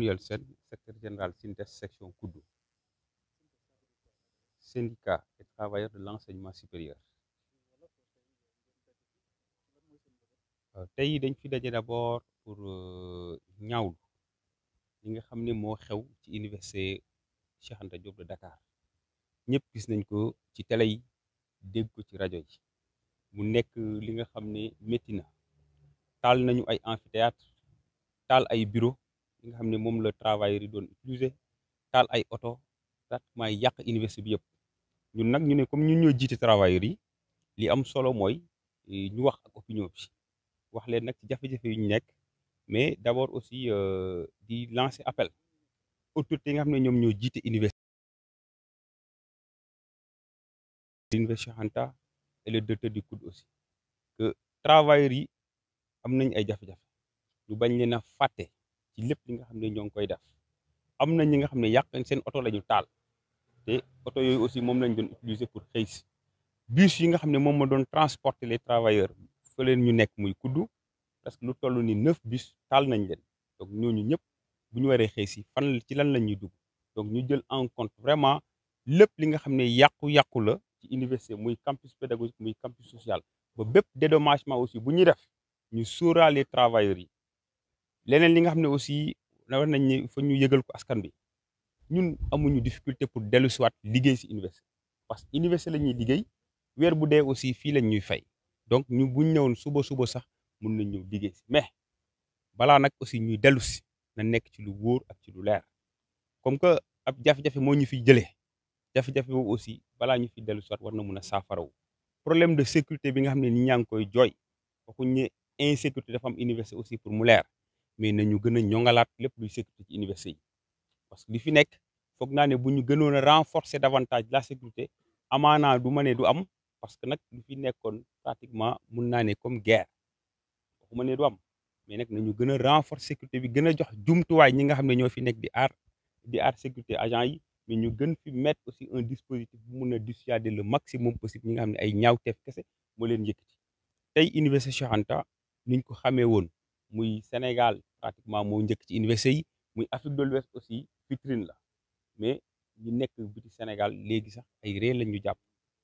Manuel Sen secrétaire général SYNTES section Kudu syndicat et travailleurs de l'enseignement supérieur euh, tey dañ fi daje d'abord pour euh, ñaawlu li nga xam ne moo xew ci université Cheikh Anta Diop de Dakar ñëpp gis nañ ko ci télé yi dégg ko ci rajo yi mu nekk li nga xam ne métti na taal nañu ay amphithéâtre taal ay bureau nga xam ne moom la travailleurs yi doon utiliser taal ay oto pratiquement yàq université bi yëpp ñun nag ñu ne comme ñu ñoo jiite travailleurs yi li am solo mooy e, ñu wax a opinion bi wax leen nag ci jafe-jafe yu ñu nekk mais d'abord aussi euh, di lancer appel autorité yi nga xam ne ñoom ñoo jiite université l'université Anta et le directeur du aussi que travailleurs yi am nañ ay jafe-jafe ñu bañ leen a fàtte ci lépp li nga xam ne ñoo ngi koy def am na ñi nga xam ne yàq seen oto la ñu taal te oto yooyu aussi moom lañ doon utiliser pour xëy si bus yi nga xam ne moom ma doon transporter les travailleurs fa leen ñu nekk muy kuddu parce que lu toll ni neuf bus taal nañ leen donc ñooñu ñëpp bu ñu waree xëy si fan ci lan la ñuy dugg ñu jël en contre vraiment lépp li nga xam ne yàqu-yàqu la ci université muy campus pédagogique muy campus social ba bépp dédommagement aussi bu ñuy def ñu sóoraalee travailleurs yi leneen li nga xam ne aussi war nañ ne fa ñu yëgal ko askan bi ñun amuñu difficulté pour dellu siwaat liggéey si université parce que université lañuy liggéey weer bu dee aussi fii lañ ñuy fay donc ñu buñ ñëwoon suba suba sax mun nañ ñëw liggéey si mais balaa nag aussi ñuy dellu si na nekk ci lu wóor ak ci lu leer comme que ab jafe-jafe moo ñu fi jëlee jafe-jafe boobu aussi balaa ñu fi dellu siwaat war na mun a saafarawu problème de sécurité bi nga xam ne nit ñaa ngi koy jooy waxuñ ne insécurité dafa am université aussi pour mu leer mais nañu gën a ñoŋalaat lépp luy sécurité ci université yi parce que li fi nekk foog naa ne bu ñu gënoon a renforcer davantage la sécurité amaanaa du ma du am parce que nag li fi nekkoon pratiquement mun naa ne comme guerre waxuma ne du am mais nag nañu gën a renforcer sécurité bi gën a jox jumtuwaay ñi nga xam ne ñoo fi nekk di aar di aar sécurité agent yi mais ñu gën fi mettre aussi un dispositif mun a dissuader le maximum possible ñi nga xam ne ay ñaaw ñaawteef kese moo leen yëkkati tey université Cheikh Anta ko xamee woon muy Sénégal pratiquement moo njëkk ci université yi muy Afrique de l'Ouest aussi vitrine la mais ñu nekk biti Sénégal léegi sax ay réer lañ ñu jàpp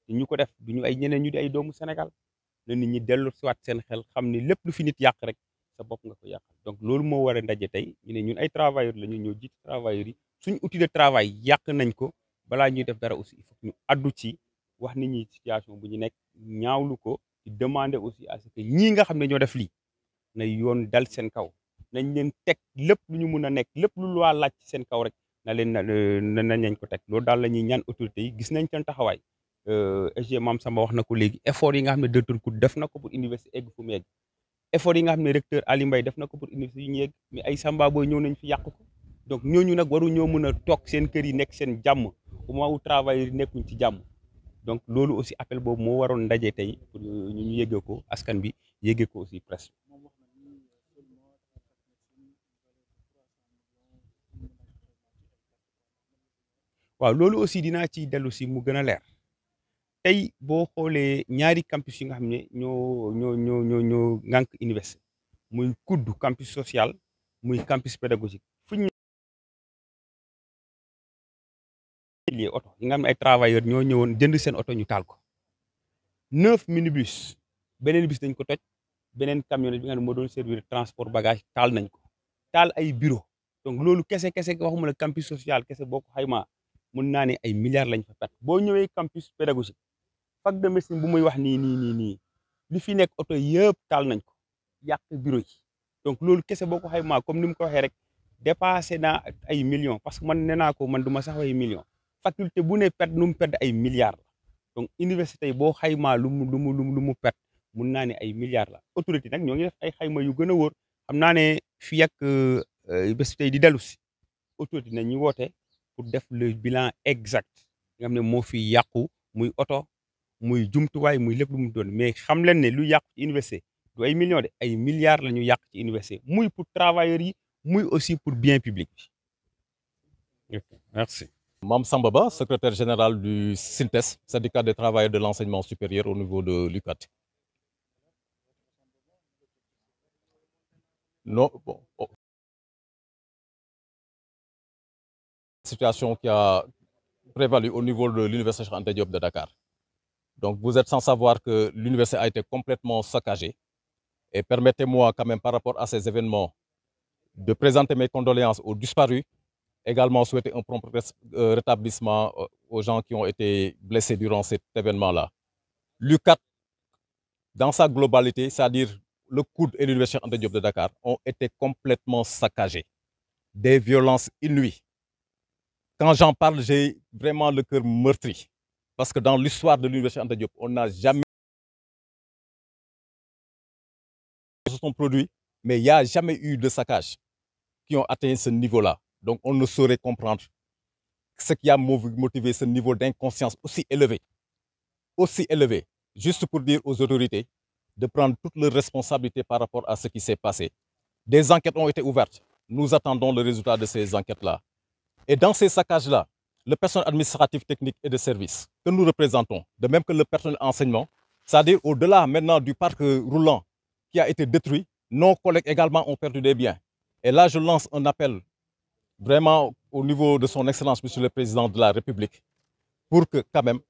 ñu ko def du ñu ay ñeneen ñu di ay doomu Sénégal la nit ñi dellu siwaat seen xel xam ne lépp lu fi nit yàq rek sa bopp nga ko donc loolu moo war ndaje tey ñu ne ñun ay travailleurs la ñu ñoo jiite travailleurs yi suñ outil de yàq nañ ko balaa ñuy def dara aussi il faut ñu addu ci wax ni ñu situation bu ñu nekk ñaawlu ko di demander aussi à ce que ñii nga xam ne ñoo def lii na yoon dal seen kaw nañ leen teg lép lu ñu mun a nekk lépp lu loi laaj seen kaw rek na leen na nañ leen ko teg loolu daal la ñuy ñaan autorités yi gis nañ seen taxawaay euh, SG Mame Samba wax na ko léegi effort yi nga xam ne docteur Cout def na ko pour université egg fu mu yegg effort yi nga xam ne recteur Ali Mbaye def na ko pour université yu ñu yegg mais ay Samba booy ñëw nañ fi yàq ko donc ñooñu nag waru ñoo mën a toog seen kër yi nekk seen jàmm au moment où travailleurs yi nekkuñ ci jàmm donc loolu aussi appel boobu moo waroon ndaje tey pour ñu yëgee ko askan bi yëgee ko aussi presse waaw loolu aussi dinaa ci dellu si mu gën a leer tey boo xoolee ñaari campus yi nga xam ne ñoo ñoo ñoo ñoo ñoo ngànk université muy kuddu campus social muy campus pédagogique fu ñu lié oto nga xam ay travailleur ñoo ñëwoon jënd seen oto ñu taal ko neuf minibus beneen bis nañ ko toj beneen camionnette bi nga moo doon servir transport bagage taal nañ ko taal ay bureau donc loolu kese kese waxuma la campus social kese boo ko xaymaa mun naa ne ay milliards lañ fa perte boo ñëwee campus pédagogique fac de médecine bu muy wax nii nii nii nii fi nekk oto yëpp taal nañ ko yàq bureau yi donc loolu kese boo ko xaymaa comme ni mu ko waxee rek dépassé naa ay millions parce que man nee naa ko man du ma sax ay millions faculté bu ne perte nu mu perte ay milliards la donc université yi boo lu mu lu mu lu mu perte mun naa ne ay la autorité nag ñoo ngi ay xayma yu gën a wóor xam naa ne fii ak bés euh, tey di dellu si autorité nañ ñu woote. pour def le bilan exact nga ne moo fi yàqu muy oto muy jumtuwaay muy lépp lu mu doon mais xam leen ne lu yàqu ci université du ay millions de ay milliards la ñu yàq ci université muy pour travailleurs yi muy aussi pour bien public bi okay, merci Samba Ba secrétaire général du SYNTES syndicat des travailleurs de l'enseignement supérieur au niveau de l'UCAD non oh, situation qui a prévalu au niveau de l'université Cheikh Anta Diop de Dakar. Donc vous êtes sans savoir que l'université a été complètement saccagée. Et permettez-moi quand même par rapport à ces événements de présenter mes condoléances aux disparus, également souhaiter un prompt euh, rétablissement euh, aux gens qui ont été blessés durant cet événement-là. L'UCAT, dans sa globalité, c'est-à-dire le coude et l'université Anta de Dakar, ont été complètement saccagés. quand j'en parle j'ai vraiment le cœur meurtri parce que dans l'histoire de l'université Anta Diop on n'a jamais se mais il n'y jamais eu de saccages qui ont atteint ce niveau-là donc on ne saurait comprendre ce qui a motivé ce niveau d'inconscience aussi élevé aussi élevé juste pour dire aux autorités de prendre toutes leurs responsabilités par rapport à ce qui s'est passé des enquêtes ont été ouvertes nous attendons le résultat de ces enquêtes-là Et dans ces saccages-là, le personnel administratif, technique et de service que nous représentons, de même que le personnel enseignement, c'est-à-dire au-delà maintenant du parc roulant qui a été détruit, nos collègues également ont perdu des biens. Et là, je lance un appel vraiment au niveau de son Excellence, Monsieur le Président de la République, pour que quand même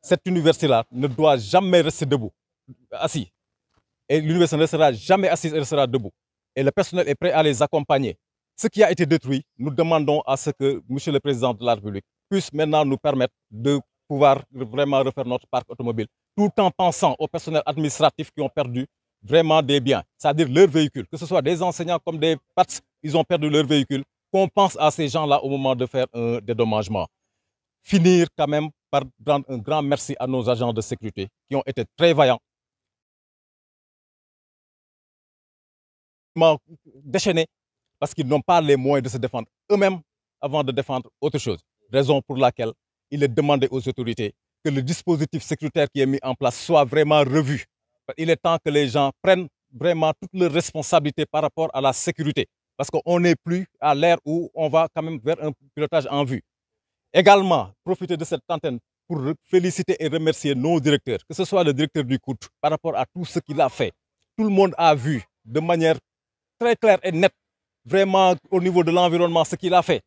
cette université-là ne doit jamais rester debout, assis. Et l'université ne restera jamais les accompagner Ce qui a été détruit, nous demandons à ce que M. le Président de la République puisse maintenant nous permettre de pouvoir vraiment refaire notre parc automobile, tout en pensant aux personnels administratifs qui ont perdu vraiment des biens, c'est-à-dire leurs véhicules, que ce soit des enseignants comme des PATS, ils ont perdu leurs véhicules, qu'on pense à ces gens-là au moment de faire un dédommagement. Finir quand même par rendre un grand merci de sécurité qui ont été très parce qu'ils n'ont pas les moyens de se défendre eux-mêmes avant de défendre autre chose. Raison pour laquelle il est demandé aux autorités que le dispositif sécuritaire qui est mis en place soit vraiment revu. Il est temps que les gens prennent vraiment toutes leurs responsabilités par rapport à la sécurité. Parce qu'on n'est plus à l'ère où on va quand même vers un pilotage en vue. Également, profiter de cette antenne pour féliciter et remercier nos directeurs, que ce soit le directeur du COUT, par a fait. a vu de manière très vraiment au niveau de l'environnement ce qu'il a fait.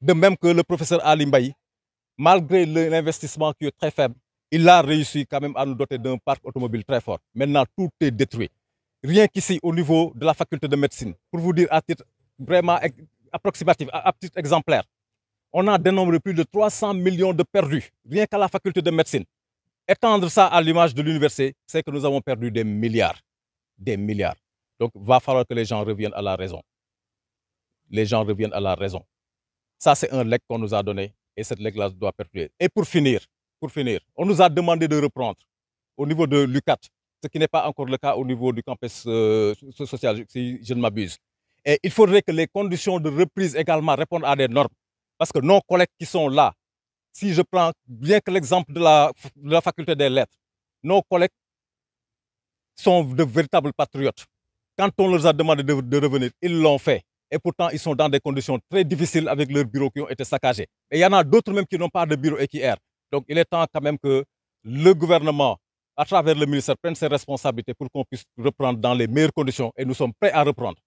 De même que le professeur Ali Mbaye, malgré l'investissement qui est très faible, il a réussi quand même à nous doter d'un parc automobile très fort. Maintenant, tout est détruit. Rien qu'ici, au niveau de la faculté de médecine, pour vous dire à titre vraiment exemplaire, on a dénombré plus de millions de perdus, rien qu'à la faculté de médecine. Étendre ça à l'image de l'université, c'est que nous avons perdu des milliards. Des milliards. Donc, il va la raison. les gens reviennent à la raison. un leg qu'on nous a donné et cette leg-là doit perpétuer. Et pour finir, on nous a demandé de reprendre au niveau de l'UCAT, ce qui n'est pas encore le cas au niveau du campus euh, social, si je ne m'abuse. Et il faudrait que les conditions de reprise également répondent à des normes. Parce que nos collègues qui sont là, si je prends bien que l'exemple de la, de la faculté des lettres, nos collègues sont de véritables patriotes. Quand on leur a demandé de, Et pourtant, ils sont dans des conditions très difficiles avec leurs bureaux qui ont été saccagés. Et il y en a d'autres même qui n'ont pas de bureau et qui errent. Donc, il est temps quand même que le gouvernement, à travers le ministère, prenne ses responsabilités pour qu'on puisse reprendre dans les meilleures conditions. Et nous sommes prêts à reprendre.